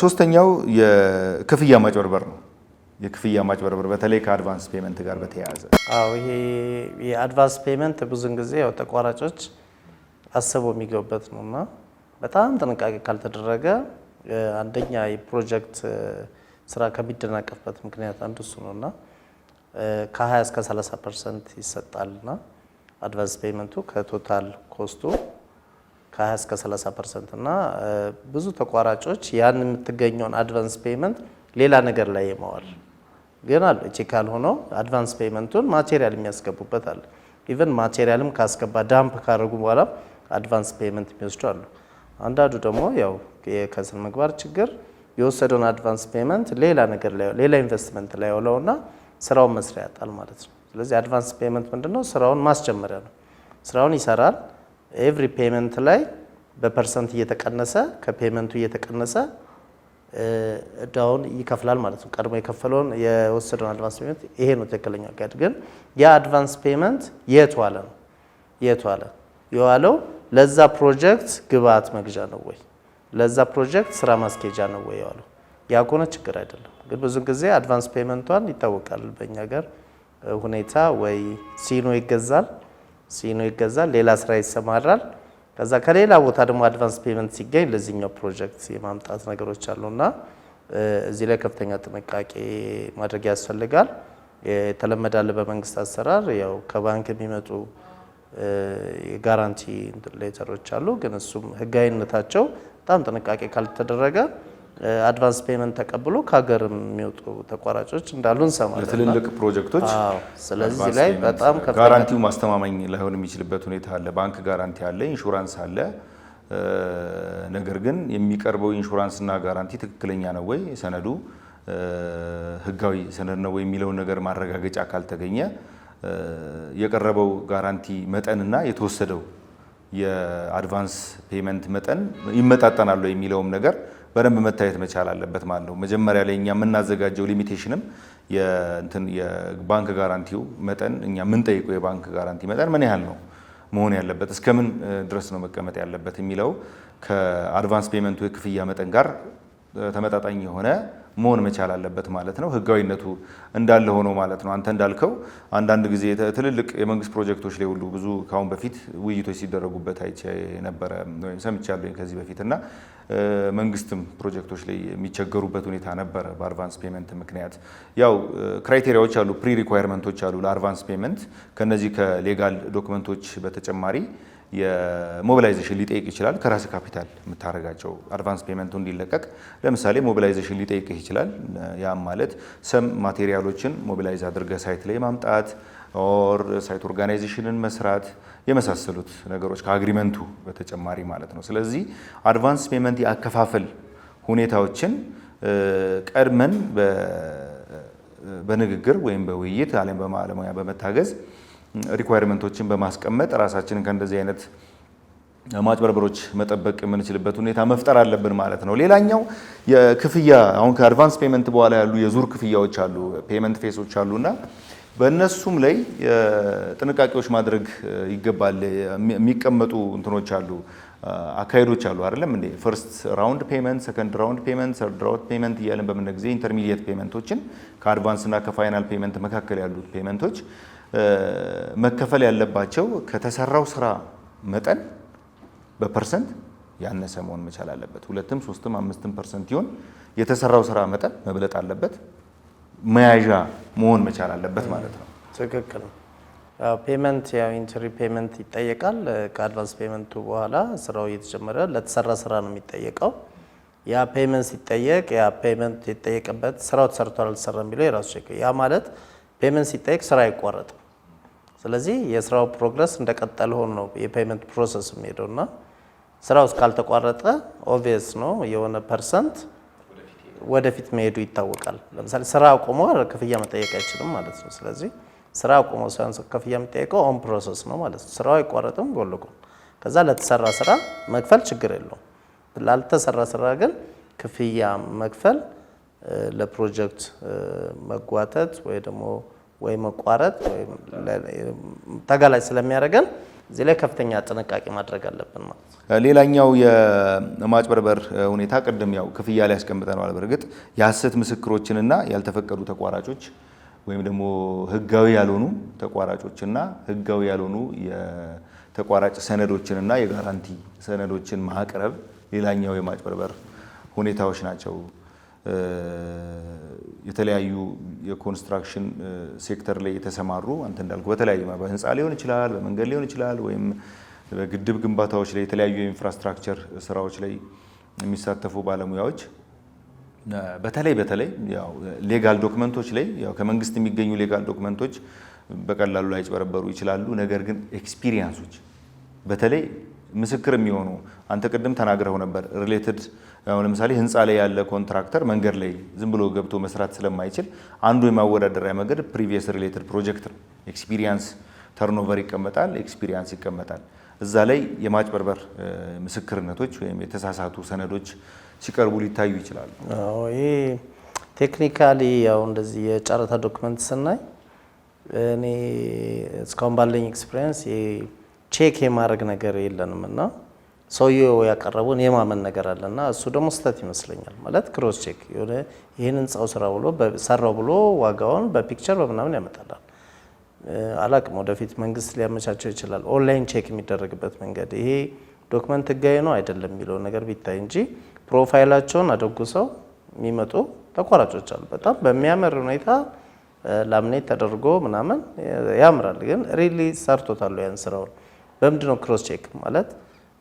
ሶስተኛው የክፍያ ማጭበርበር ነው። የክፍያ ማጭበርበር በተለይ ከአድቫንስ ፔመንት ጋር በተያያዘ አዎ፣ ይሄ የአድቫንስ ፔመንት ብዙን ጊዜ ያው ተቋራጮች አስበው የሚገቡበት ነው እና በጣም ጥንቃቄ ካልተደረገ አንደኛ የፕሮጀክት ስራ ከሚደናቀፍበት ምክንያት አንዱ እሱ ነው እና ከ20 እስከ 30 ፐርሰንት ይሰጣልና አድቫንስ ፔመንቱ ከቶታል ኮስቱ ከ20 እስከ 30 ፐርሰንት እና ብዙ ተቋራጮች ያን የምትገኘውን አድቫንስ ፔይመንት ሌላ ነገር ላይ የማዋል ግን አለ እቺ ካልሆነ አድቫንስ ፔይመንቱን ማቴሪያል የሚያስገቡበት አለ። ኢቨን ማቴሪያልም ካስገባ ዳምፕ ካደረጉ በኋላ አድቫንስ ፔይመንት የሚወስዱ አሉ። አንዳንዱ ደግሞ ያው የከስነ ምግባር ችግር የወሰደውን አድቫንስ ፔይመንት ሌላ ነገር ላይ ሌላ ኢንቨስትመንት ላይ ያውለውና ስራውን መስሪያ ያጣል ማለት ነው። ስለዚህ አድቫንስ ፔይመንት ምንድነው? ስራውን ማስጀመሪያ ነው። ስራውን ይሰራል ኤቭሪ ፔመንት ላይ በፐርሰንት እየተቀነሰ ከፔመንቱ እየተቀነሰ እዳውን ይከፍላል ማለት ነው። ቀድሞ የከፈለውን የወሰደውን አድቫንስ ፔመንት ይሄ ነው ትክክለኛው አካሄድ። ግን ያ አድቫንስ ፔመንት የት ዋለ ነው የት ዋለ? የዋለው ለዛ ፕሮጀክት ግብአት መግዣ ነው ወይ ለዛ ፕሮጀክት ስራ ማስኬጃ ነው ወይ የዋለው? ያ ከሆነ ችግር አይደለም። ግን ብዙ ጊዜ አድቫንስ ፔመንቷን ይታወቃል በእኛ ሀገር ሁኔታ ወይ ሲኖ ይገዛል ሲኖ ይገዛል፣ ሌላ ስራ ይሰማራል። ከዛ ከሌላ ቦታ ደግሞ አድቫንስ ፔመንት ሲገኝ ለዚህኛው ፕሮጀክት የማምጣት ነገሮች አሉና እዚህ ላይ ከፍተኛ ጥንቃቄ ማድረግ ያስፈልጋል። የተለመዳለ በመንግስት አሰራር ያው ከባንክ የሚመጡ የጋራንቲ ሌተሮች አሉ፣ ግን እሱም ህጋዊነታቸው በጣም ጥንቃቄ ካልተደረገ አድቫንስ ፔመንት ተቀብሎ ከሀገር የሚወጡ ተቋራጮች እንዳሉ እንሰማለን። ለትልልቅ ፕሮጀክቶች ስለዚህ ላይ በጣም ጋራንቲው ማስተማማኝ ላይሆን የሚችልበት ሁኔታ አለ። ባንክ ጋራንቲ አለ፣ ኢንሹራንስ አለ። ነገር ግን የሚቀርበው ኢንሹራንስና ጋራንቲ ትክክለኛ ነው ወይ፣ ሰነዱ ህጋዊ ሰነድ ነው ወይ የሚለውን ነገር ማረጋገጫ ካልተገኘ የቀረበው ጋራንቲ መጠንና የተወሰደው የአድቫንስ ፔመንት መጠን ይመጣጠናሉ የሚለውም ነገር በደንብ መታየት መቻል አለበት ማለት ነው። መጀመሪያ ላይ እኛ የምናዘጋጀው ሊሚቴሽንም የባንክ ጋራንቲው መጠን እኛ የምንጠይቀው የባንክ ጋራንቲ መጠን ምን ያህል ነው መሆን ያለበት እስከምን ድረስ ነው መቀመጥ ያለበት የሚለው ከአድቫንስ ፔመንቱ የክፍያ መጠን ጋር ተመጣጣኝ የሆነ መሆን መቻል አለበት ማለት ነው። ህጋዊነቱ እንዳለ ሆኖ ማለት ነው። አንተ እንዳልከው አንዳንድ ጊዜ ትልልቅ የመንግስት ፕሮጀክቶች ላይ ሁሉ ብዙ ካሁን በፊት ውይይቶች ሲደረጉበት አይቼ ነበረ ወይም ሰምቻለሁ ከዚህ በፊት እና መንግስትም ፕሮጀክቶች ላይ የሚቸገሩበት ሁኔታ ነበረ በአድቫንስ ፔመንት ምክንያት። ያው ክራይቴሪያዎች አሉ፣ ፕሪ ሪኳየርመንቶች አሉ ለአድቫንስ ፔመንት ከነዚህ ከሌጋል ዶክመንቶች በተጨማሪ የሞቢላይዜሽን ሊጠይቅ ይችላል። ከራስ ካፒታል የምታደርጋቸው አድቫንስ ፔመንቱ እንዲለቀቅ ለምሳሌ ሞቢላይዜሽን ሊጠይቅህ ይችላል። ያም ማለት ሰም ማቴሪያሎችን ሞቢላይዝ አድርገ ሳይት ላይ ማምጣት ኦር ሳይት ኦርጋናይዜሽንን መስራት የመሳሰሉት ነገሮች ከአግሪመንቱ በተጨማሪ ማለት ነው። ስለዚህ አድቫንስ ፔመንት የአከፋፈል ሁኔታዎችን ቀድመን በንግግር ወይም በውይይት አለም በማለሙያ በመታገዝ ሪኳየርመንቶችን በማስቀመጥ ራሳችንን ከእንደዚህ አይነት ማጭበርበሮች መጠበቅ የምንችልበት ሁኔታ መፍጠር አለብን ማለት ነው። ሌላኛው የክፍያ አሁን ከአድቫንስ ፔመንት በኋላ ያሉ የዙር ክፍያዎች አሉ፣ ፔመንት ፌሶች አሉ እና በእነሱም ላይ ጥንቃቄዎች ማድረግ ይገባል። የሚቀመጡ እንትኖች አሉ፣ አካሄዶች አሉ አይደለም እንዴ? ፈርስት ራውንድ ፔመንት፣ ሰከንድ ራውንድ ፔመንት፣ ሰርድ ራውንድ ፔመንት እያለን በምነ ጊዜ ኢንተርሚዲየት ፔመንቶችን ከአድቫንስና ከፋይናል ፔመንት መካከል ያሉት ፔመንቶች መከፈል ያለባቸው ከተሰራው ስራ መጠን በፐርሰንት ያነሰ መሆን መቻል አለበት። ሁለትም ሶስትም አምስትም ፐርሰንት ይሆን የተሰራው ስራ መጠን መብለጥ አለበት፣ መያዣ መሆን መቻል አለበት ማለት ነው። ትክክል ነው። ፔመንት ያው ኢንትሪ ፔመንት ይጠየቃል። ከአድቫንስ ፔመንቱ በኋላ ስራው እየተጀመረ ለተሰራ ስራ ነው የሚጠየቀው። ያ ፔመንት ሲጠየቅ ያ ፔመንት የተጠየቀበት ስራው ተሰርቷል አልተሰራ የሚለው የራሱ ያ ማለት ፔመንት ሲጠየቅ ስራ አይቋረጥም። ስለዚህ የስራው ፕሮግረስ እንደቀጠለ ሆኖ ነው የፔመንት ፕሮሰስ የሚሄደው እና ስራው እስካልተቋረጠ ኦቪየስ ነው የሆነ ፐርሰንት ወደፊት መሄዱ ይታወቃል። ለምሳሌ ስራ አቁሞ ክፍያ መጠየቅ አይችልም ማለት ነው። ስለዚህ ስራ አቁሞ ሳይሆን ክፍያ የሚጠየቀው ኦን ፕሮሰስ ነው ማለት ነው። ስራው አይቋረጥም ጎን ለጎን ከዛ ለተሰራ ስራ መክፈል ችግር የለውም። ላልተሰራ ስራ ግን ክፍያ መክፈል ለፕሮጀክት መጓተት ወይ ደግሞ ወይ መቋረጥ ተጋላጭ ስለሚያደርገን እዚህ ላይ ከፍተኛ ጥንቃቄ ማድረግ አለብን ማለት ነው። ሌላኛው የማጭበርበር ሁኔታ ቅድም ያው ክፍያ ላይ ያስቀምጠነዋል። በእርግጥ የሐሰት ምስክሮችንና ያልተፈቀዱ ተቋራጮች ወይም ደግሞ ህጋዊ ያልሆኑ ተቋራጮችና ህጋዊ ያልሆኑ የተቋራጭ ሰነዶችንና የጋራንቲ ሰነዶችን ማቅረብ ሌላኛው የማጭበርበር ሁኔታዎች ናቸው። የተለያዩ የኮንስትራክሽን ሴክተር ላይ የተሰማሩ አንተ እንዳልኩ በተለያዩ በህንፃ ሊሆን ይችላል፣ በመንገድ ሊሆን ይችላል፣ ወይም በግድብ ግንባታዎች ላይ የተለያዩ የኢንፍራስትራክቸር ስራዎች ላይ የሚሳተፉ ባለሙያዎች በተለይ በተለይ ያው ሌጋል ዶክመንቶች ላይ ያው ከመንግስት የሚገኙ ሌጋል ዶክመንቶች በቀላሉ ላይጭበረበሩ ይችላሉ። ነገር ግን ኤክስፒሪየንሶች በተለይ ምስክር የሚሆኑ አንተ ቅድም ተናግረው ነበር። ሪሌትድ ለምሳሌ ህንፃ ላይ ያለ ኮንትራክተር መንገድ ላይ ዝም ብሎ ገብቶ መስራት ስለማይችል አንዱ የማወዳደሪያ መንገድ ፕሪቪየስ ሪሌትድ ፕሮጀክት ነው። ኤክስፒሪየንስ ተርኖቨር ይቀመጣል፣ ኤክስፒሪየንስ ይቀመጣል። እዛ ላይ የማጭበርበር ምስክርነቶች ወይም የተሳሳቱ ሰነዶች ሲቀርቡ ሊታዩ ይችላሉ። ይሄ ቴክኒካሊ ያው እንደዚህ የጨረታ ዶክመንት ስናይ እኔ እስካሁን ባለኝ ኤክስፒሪየንስ ቼክ የማድረግ ነገር የለንም እና ሰውየው ያቀረበውን የማመን ነገር አለ እና እሱ ደግሞ ስህተት ይመስለኛል። ማለት ክሮስ ቼክ የሆነ ይህን ህንፃው ስራ ብሎ ሰራው ብሎ ዋጋውን በፒክቸር በምናምን ያመጣላል። አላቅም ወደፊት መንግስት ሊያመቻቸው ይችላል። ኦንላይን ቼክ የሚደረግበት መንገድ ይሄ ዶክመንት ህጋዊ ነው አይደለም የሚለው ነገር ቢታይ እንጂ ፕሮፋይላቸውን ሰው የሚመጡ ተቋራጮች አሉ። በጣም በሚያምር ሁኔታ ላምኔት ተደርጎ ምናምን ያምራል፣ ግን ሪሊ ሰርቶታሉ ያን ስራውን በምንድን ነው ክሮስ ቼክ ማለት?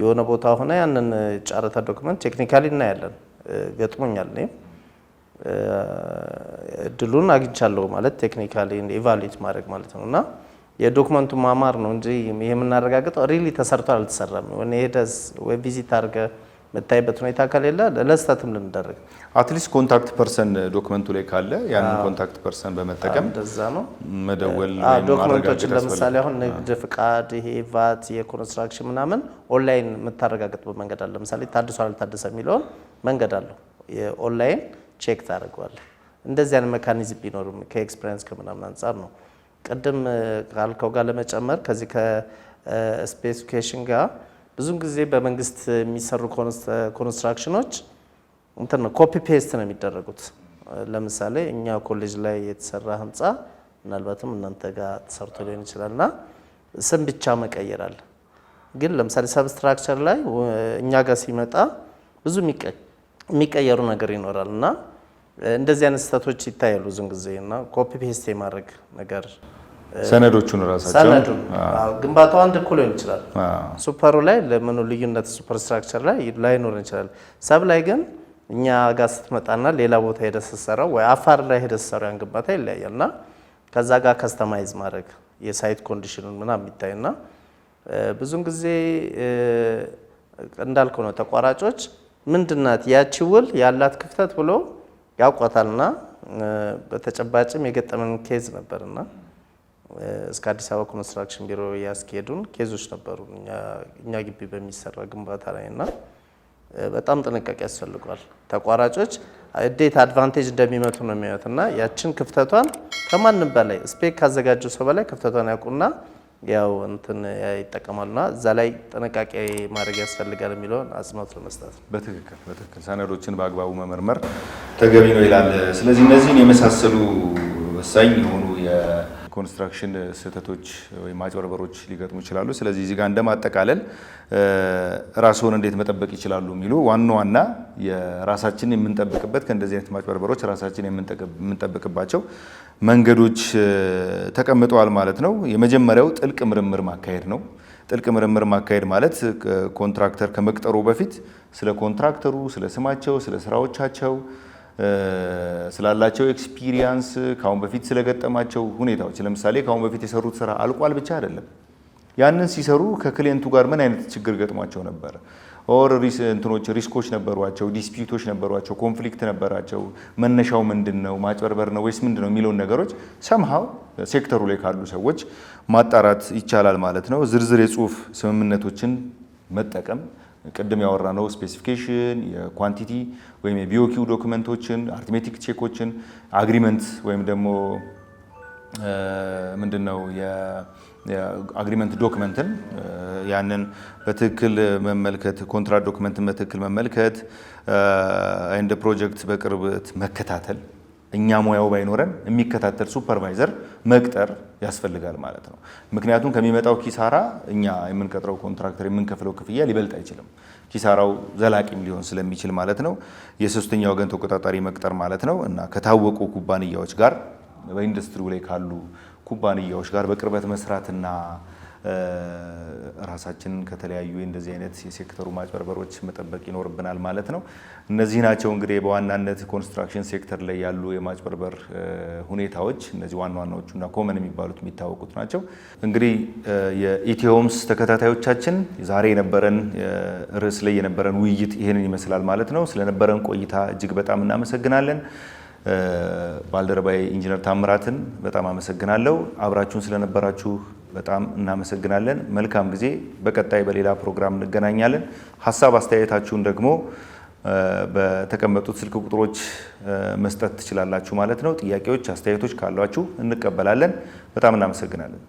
የሆነ ቦታ ሆነ ያንን ጨረታ ዶክመንት ቴክኒካሊ እናያለን። ገጥሞኛል እኔም እድሉን አግኝቻለሁ ማለት ቴክኒካሊ ኢቫሉዌት ማድረግ ማለት ነው። እና የዶክመንቱ ማማር ነው እንጂ ይህ የምናረጋግጠው ሪሊ ተሰርቷል አልተሰራም። ሄደህ ወይ ቪዚት አድርገህ የምታይበት ሁኔታ ከሌለ ለስተትም ልንደረግ አትሊስት ኮንታክት ፐርሰን ዶክመንቱ ላይ ካለ ያንን ኮንታክት ፐርሰን በመጠቀም እንደዛ ነው መደወል። ዶክመንቶችን ለምሳሌ አሁን ንግድ ፍቃድ፣ ይሄ ቫት፣ የኮንስትራክሽን ምናምን ኦንላይን የምታረጋግጥበት መንገድ አለ። ለምሳሌ ታድሶ አልታደሰ የሚለውን መንገድ አለው። ኦንላይን ቼክ ታደርገዋለህ። እንደዚህ አይነት ሜካኒዝም ቢኖርም ከኤክስፔሪንስ ከምናምን አንጻር ነው። ቅድም ካልከው ጋር ለመጨመር ከዚህ ከስፔሲፊኬሽን ጋር ብዙን ጊዜ በመንግስት የሚሰሩ ኮንስትራክሽኖች እንትን ነው ኮፒ ፔስት ነው የሚደረጉት። ለምሳሌ እኛ ኮሌጅ ላይ የተሰራ ህንፃ ምናልባትም እናንተ ጋር ተሰርቶ ሊሆን ይችላል ና ስም ብቻ መቀየራል። ግን ለምሳሌ ሰብስትራክቸር ላይ እኛ ጋር ሲመጣ ብዙ የሚቀየሩ ነገር ይኖራል እና እንደዚህ አይነት ስህተቶች ይታያሉ ብዙን ጊዜ እና ኮፒ ፔስት የማድረግ ነገር ሰነዶቹን ራሳቸው ሰነዱ ግንባታው አንድ እኮ ሊሆን ይችላል። ሱፐሩ ላይ ለምኑ ልዩነት ሱፐር ስትራክቸር ላይ ላይኖር ይችላል። ሰብ ላይ ግን እኛ ጋር ስትመጣና ሌላ ቦታ ሄደ ስትሰራው ወይ አፋር ላይ ሄደ ስትሰራው ያን ግንባታ ይለያያል እና ከዛ ጋር ከስተማይዝ ማድረግ የሳይት ኮንዲሽኑን ምናምን የሚታይና ብዙን ጊዜ እንዳልኩ ነው ተቋራጮች ምንድናት ያቺ ውል ያላት ክፍተት ብሎ ያውቋታልና በተጨባጭም የገጠመን ኬዝ ነበርና እስከ አዲስ አበባ ኮንስትራክሽን ቢሮ ያስኬዱን ኬዞች ነበሩ እኛ ግቢ በሚሰራ ግንባታ ላይ እና በጣም ጥንቃቄ ያስፈልገዋል። ተቋራጮች እንዴት አድቫንቴጅ እንደሚመቱ ነው የሚያዩት እና ያችን ክፍተቷን ከማንም በላይ ስፔክ ካዘጋጀው ሰው በላይ ክፍተቷን ያውቁና ያው እንትን ይጠቀማሉና እዛ ላይ ጥንቃቄ ማድረግ ያስፈልጋል የሚለውን አጽንኦት ለመስጠት በትክክል በትክክል ሰነዶችን በአግባቡ መመርመር ተገቢ ነው ይላል። ስለዚህ እነዚህን የመሳሰሉ ወሳኝ የሆኑ ኮንስትራክሽን ስህተቶች ወይም ማጭበርበሮች ሊገጥሙ ይችላሉ። ስለዚህ እዚህ ጋር እንደማጠቃለል ራስዎን እንዴት መጠበቅ ይችላሉ የሚሉ ዋና ዋና የራሳችን የምንጠብቅበት ከእንደዚህ አይነት ማጭበርበሮች ራሳችን የምንጠብቅባቸው መንገዶች ተቀምጠዋል ማለት ነው። የመጀመሪያው ጥልቅ ምርምር ማካሄድ ነው። ጥልቅ ምርምር ማካሄድ ማለት ኮንትራክተር ከመቅጠሩ በፊት ስለ ኮንትራክተሩ፣ ስለ ስማቸው፣ ስለ ስራዎቻቸው ስላላቸው ኤክስፒሪየንስ ከአሁን በፊት ስለገጠማቸው ሁኔታዎች ለምሳሌ ከአሁን በፊት የሰሩት ስራ አልቋል ብቻ አይደለም። ያንን ሲሰሩ ከክሊየንቱ ጋር ምን አይነት ችግር ገጥሟቸው ነበር? ኦር እንትኖች ሪስኮች ነበሯቸው፣ ዲስፒቶች ነበሯቸው፣ ኮንፍሊክት ነበራቸው። መነሻው ምንድን ነው? ማጭበርበር ነው ወይስ ምንድን ነው የሚለውን ነገሮች ሰምሃው ሴክተሩ ላይ ካሉ ሰዎች ማጣራት ይቻላል ማለት ነው። ዝርዝር የጽሁፍ ስምምነቶችን መጠቀም ቅድም ያወራነው ስፔሲፊኬሽን፣ የኳንቲቲ ወይም የቢኦኪው ዶክመንቶችን፣ አርትሜቲክ ቼኮችን፣ አግሪመንት ወይም ደግሞ ምንድን ነው የአግሪመንት ዶክመንትን ያንን በትክክል መመልከት፣ ኮንትራት ዶክመንትን በትክክል መመልከት፣ እንደ ፕሮጀክት በቅርበት መከታተል እኛ ሙያው ባይኖረን የሚከታተል ሱፐርቫይዘር መቅጠር ያስፈልጋል ማለት ነው። ምክንያቱም ከሚመጣው ኪሳራ እኛ የምንቀጥረው ኮንትራክተር የምንከፍለው ክፍያ ሊበልጥ አይችልም። ኪሳራው ዘላቂም ሊሆን ስለሚችል ማለት ነው። የሶስተኛ ወገን ተቆጣጣሪ መቅጠር ማለት ነው እና ከታወቁ ኩባንያዎች ጋር በኢንዱስትሪው ላይ ካሉ ኩባንያዎች ጋር በቅርበት መስራትና ራሳችንን ከተለያዩ እንደዚህ አይነት የሴክተሩ ማጭበርበሮች መጠበቅ ይኖርብናል ማለት ነው። እነዚህ ናቸው እንግዲህ በዋናነት ኮንስትራክሽን ሴክተር ላይ ያሉ የማጭበርበር ሁኔታዎች። እነዚህ ዋና ዋናዎቹ እና ኮመን የሚባሉት የሚታወቁት ናቸው። እንግዲህ የኢትዮምስ ተከታታዮቻችን ዛሬ የነበረን ርዕስ ላይ የነበረን ውይይት ይህንን ይመስላል ማለት ነው። ስለነበረን ቆይታ እጅግ በጣም እናመሰግናለን። ባልደረባዬ ኢንጂነር ታምራትን በጣም አመሰግናለሁ። አብራችሁን ስለነበራችሁ በጣም እናመሰግናለን። መልካም ጊዜ። በቀጣይ በሌላ ፕሮግራም እንገናኛለን። ሀሳብ አስተያየታችሁን ደግሞ በተቀመጡት ስልክ ቁጥሮች መስጠት ትችላላችሁ ማለት ነው። ጥያቄዎች፣ አስተያየቶች ካሏችሁ እንቀበላለን። በጣም እናመሰግናለን።